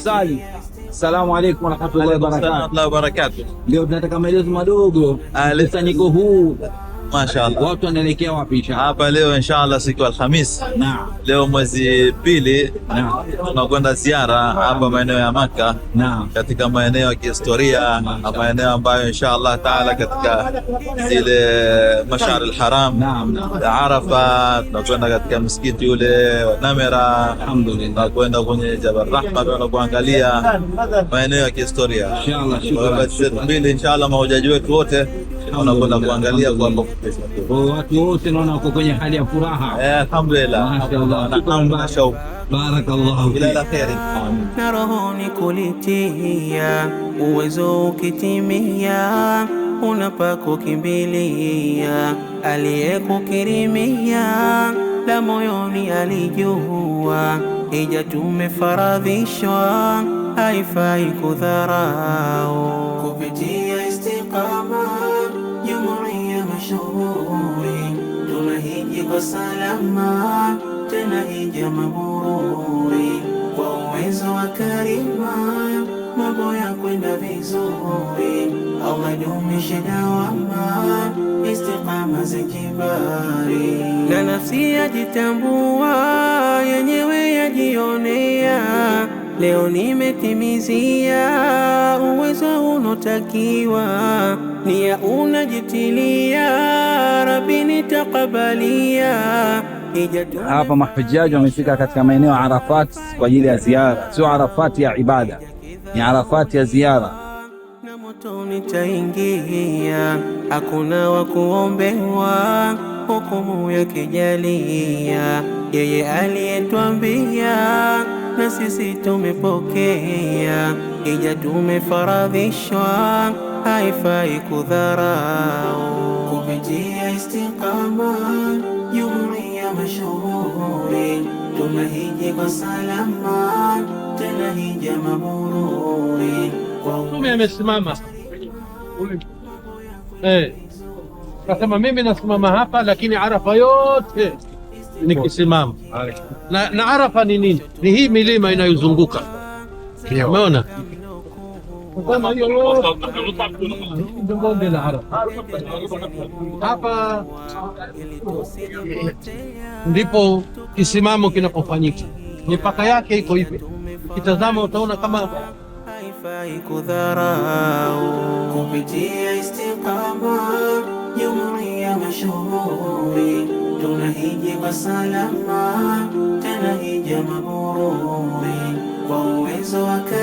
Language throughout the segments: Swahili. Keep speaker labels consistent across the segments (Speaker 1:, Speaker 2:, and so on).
Speaker 1: Sali, salamu alaikum warahmatullahi
Speaker 2: wabarakatuh.
Speaker 1: Leo tunataka maelezo madogo ah, mkusanyiko huu Mashaallah. Watu wanaelekea wapi inshallah?
Speaker 2: Hapa leo inshallah siku Alhamis. Naam. Leo mwezi pili tunakwenda ziara hapa maeneo ya Maka. Naam. Katika maeneo ya kihistoria na maeneo ambayo inshallah taala katika zile mashar al-haram Arafa, tunakwenda katika msikiti ule wa Namira. Alhamdulillah. Tunakwenda kwenye Jabal Rahma na kuangalia maeneo ya kihistoria.
Speaker 1: Inshallah.
Speaker 2: Inshallah mahujaji wetu wote unakwenda kuangalia kwamba
Speaker 1: oh, watu wote naona wako kwenye hali ya furaha.
Speaker 2: Eh, alhamdulillah,
Speaker 1: barakallahu
Speaker 2: ila la na roho ni kulitia uwezo ukitimia, unapako kimbilia aliyekukirimia, la moyoni alijua, ija tumefaradhishwa, haifai kudharau kuimba salama tena hija mabururi kwa uwezo wa Karima, mambo ya kwenda vizuri. Allah dumishe dawama istiqama kibari na nafsi yajitambua yenyewe yajionea, leo nimetimizia uwezo unotakiwa nia unajitilia rabbi nitakabalia. Hapa mahujaji wamefika katika maeneo ya Arafat kwa ajili ya ziara, sio Arafat ya ibada, ni Arafat ya ziara. Na moto nitaingia, hakuna wa kuombewa, hukumu ya kijalia, yeye aliyetwambia na sisi tumepokea, ija
Speaker 1: tumefaradhishwa haifai kudharau. Kupitia Istiqama, jumuiya mashuhuri, tunahiji kwa salama, tena hija mabururi. Mtume amesimama eh, kasema mimi nasimama hapa, lakini Arafa yote nikisimama na, na Arafa ni nini? Ni hii milima inayozunguka umeona hapa ndipo kisimamo kinapofanyika, mipaka yake iko hivi. Kitazama utaona kama kupitia Istiqama jumuiya mashuhuri kwa salama, tena hija kwa uwezo wake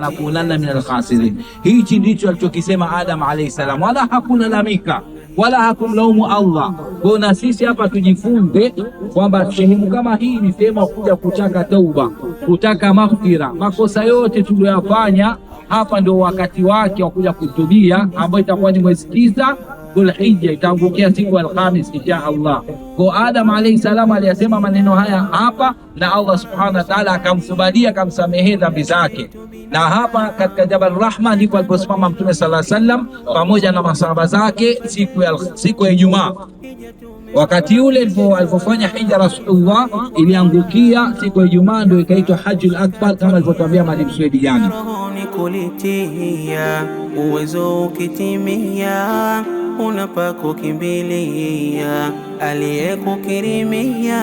Speaker 1: na kunana min alkhasirin. Hichi ndicho alichokisema Adam alayhi salam, wala hakulalamika wala hakumlaumu Allah. Kwa na sisi hapa tujifunze kwamba sehemu kama hii ni sehemu kuja kutaka tauba, kutaka maghfira. Makosa yote tuliyoyafanya hapa ndio wakati wake wa kuja kutubia, ambayo itakuwa ni mwezi tisa Dhulhijja itaangukia siku Alhamis insha Allah. Kwa Adam alayhi salam aliyasema maneno haya hapa, na Allah subhanahu wa ta'ala akamkubalia akamsamehe dhambi zake. Na hapa katika Jabal Rahma ndipo aliposimama Mtume sallallahu alayhi wasallam pamoja na masahaba zake siku ya siku ya Ijumaa. Wakati ule alipofanya hija Rasulullah iliangukia siku ya Ijumaa, ndio ikaitwa Hajjul Akbar kama alivyotwambia Mwalimu Swedi jana. Uwezo ukitimia huna pa kukimbilia, aliyekukirimia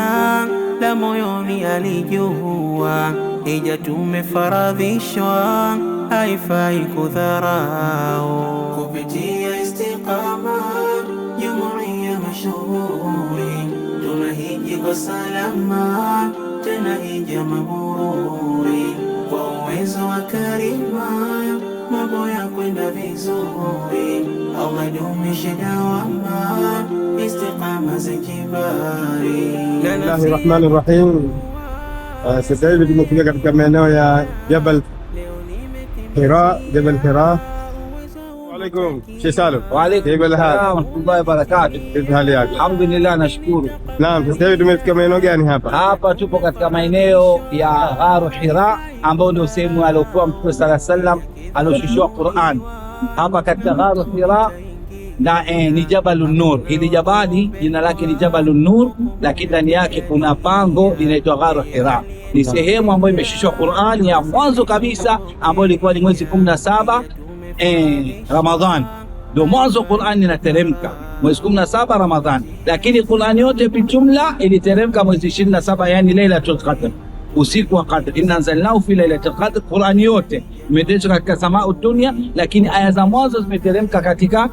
Speaker 1: la moyoni alijua, hija tumefaradhishwa haifai kudharau. Kupitia Istiqama jumuiya mashuhuri, tunahiji kwa salama, tena hija mabururi, kwa uwezo wa Karima mambo ya kwenda زهوري أو غدوم شدة وأمان استقامة كباري بسم الله الرحمن الرحيم سيدي بدي نقول لك كم يا جبل حراء جبل حراء عليكم شي سالم وعليكم كيف الحال ورحمه الله وبركاته الحمد لله نشكره نعم سيدي بدي نقول لك كم انا يعني هابا هابا تشوفوا كم مينو يا غار حراء عم بقولوا سيمو على الله صلى الله عليه وسلم على شو القران hapa katika gharu Hira na eh, ni Jabalu Nur. Hili jabali jina lake ni Jabalu Nur, lakini ndani yake kuna pango linaitwa Gharu Hira. Ni sehemu ambayo imeshushwa Qur'ani ya mwanzo kabisa ambayo ilikuwa ni mwezi 17 eh, Ramadhani ndio mwanzo Qur'ani inateremka mwezi 17 Ramadhani, lakini Qur'ani yote kwa jumla iliteremka mwezi 27, yani Lailatul Qadr usiku wa qadri, inna anzalnahu fi lailati qadri. Qurani yote imeteremshwa katika samau dunia, lakini aya za mwanzo zimeteremka katika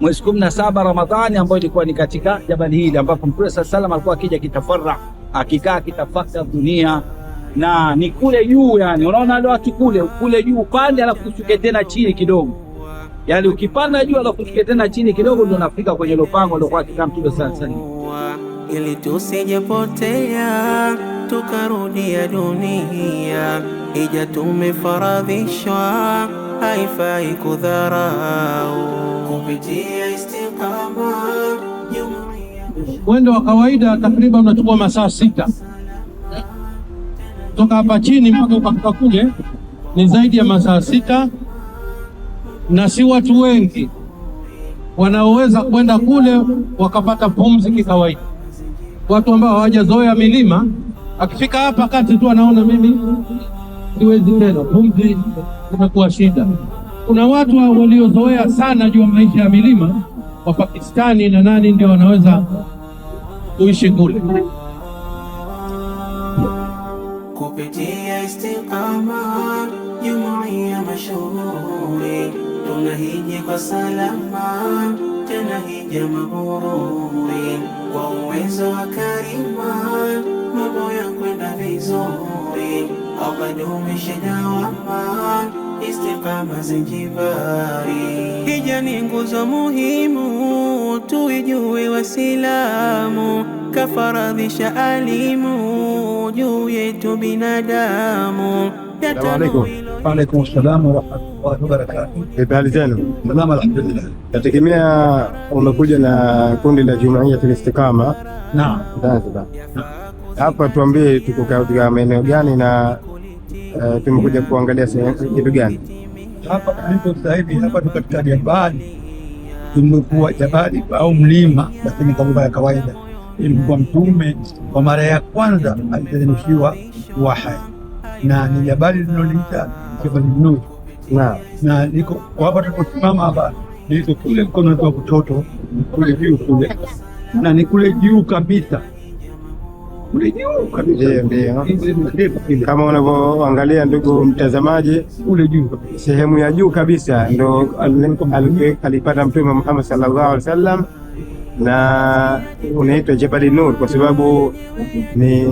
Speaker 1: mwezi saba Ramadhani, ambayo ilikuwa ni katika jabali hili, ambapo Mtume sala salam alikuwa akija kitafara, akikaa kitafakar dunia, na ni kule juu. Yani unaona leo akikule kule juu upande, alafu kushuke tena chini kidogo yani ukipanda juu alafu kushuke tena chini kidogo, ndio nafika kwenye lopango lokuwa kikaa Mtume sala salam, ili tusijepotea tukarudia dunia, ija tumefaradhishwa, haifai kudharau kupitia Istiqama. Mwendo wa kawaida takriban unachukua masaa sita kutoka hapa chini mpaka ukafika kule ni zaidi ya masaa sita, na si watu wengi wanaoweza kwenda kule wakapata pumzi kikawaida. Watu ambao hawajazoea milima Akifika hapa kati tu anaona mimi siwezi tena, pumzi inakuwa shida. Kuna watu waliozoea sana juu ya maisha ya milima, Wapakistani na nani, ndio wanaweza kuishi kule kupitia Istiqama jumuiya mashuhuri, tunahiji kwa salama, tena hija mabururi kwa uwezo wa Karima mambo ya kwenda vizuri, aukadumishe dawama istiqama Zanjibari. Hija ni nguzo muhimu, tuijue Waislamu, kafaradhisha alimu juu yetu binadamu. Waalaikum salaam warahmatullahi wabarakatuh. Eh, Nategemea umekuja na kundi la Jumuiyatul Istiqama Zanzibar hapa, tuambie tuko katika maeneo gani na uh, tumekuja kuangalia kitu gani hapa kalipo sasa hivi? Hapa tuko katika jabali, tumekuwa jabali au mlima, lakini kwa lugha ya kawaida ilikuwa Mtume kwa mara ya kwanza aliteremshiwa wahai, na ni jabali linaloita Jabal Nur na na niko hapa tuliposimama hapa niko kule mkono wa kutoto kule juu kule, na ni kule juu kabisa kule juu kabisa. Kama unavyoangalia ndugu mtazamaji, kule juu sehemu ya juu kabisa ndo alipata Mtume Muhammad sallallahu alaihi wasallam, na unaitwa Jabali Nur kwa sababu ni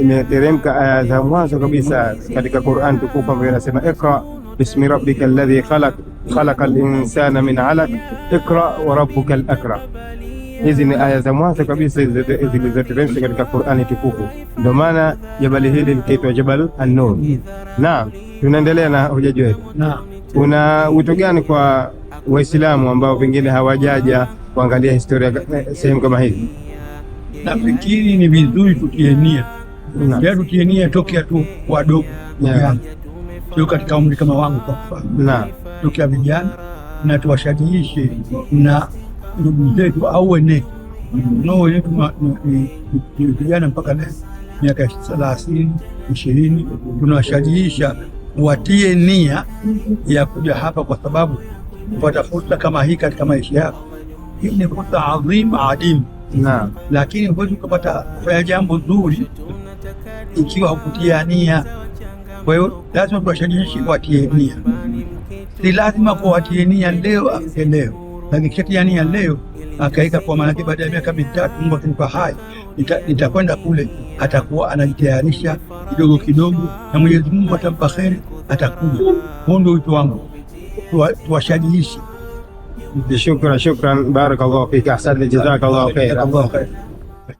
Speaker 1: imeteremka aya za mwanzo kabisa katika Qur'an tukufu ambayo inasema ikra bismi rabbika alladhi khalaq khalaqa al-insana min 'alaq ikra wa rabbuka al-akram Hizi ni aya za mwanzo kabisa zilizoteremshwa katika Qur'ani tukufu, ndio maana jabali hili likaitwa Jabal An-Nur. Na tunaendelea na hujaji wetu. una wito gani kwa Waislamu ambao pengine hawajaja kuangalia historia eh, sehemu kama hizi? Nafikiri ni vizuri tutienia a yaani tukienia tokea tu wadogo sio katika umri kama wangu, kwa mfano tokea vijana na tuwashajiishe na ndugu zetu au wenetu nao wenetu vijana mpaka leo miaka thelathini ishirini, tunawashajiisha watie nia ya kuja hapa, kwa sababu kupata fursa kama hii katika maisha yako, hii ni fursa adhima adimu. Lakini huwezi ukapata kufanya jambo zuri ikiwa hukutia nia. Kwa hiyo lazima tuwashajiishi watie nia, si lazima kuwatie nia leo akeleo lakini kisha yani ya leo akaika kwa maana, baada ya miaka mitatu Mungu akinipa hai nitakwenda kule, atakuwa anajitayarisha kidogo kidogo, na Mwenyezi Mungu atampa kheri, atakuja. Huu ndio wito wangu, tuwashajiishi. Shukran, shukran, barakallahu fika, asante, jazakallahu khair.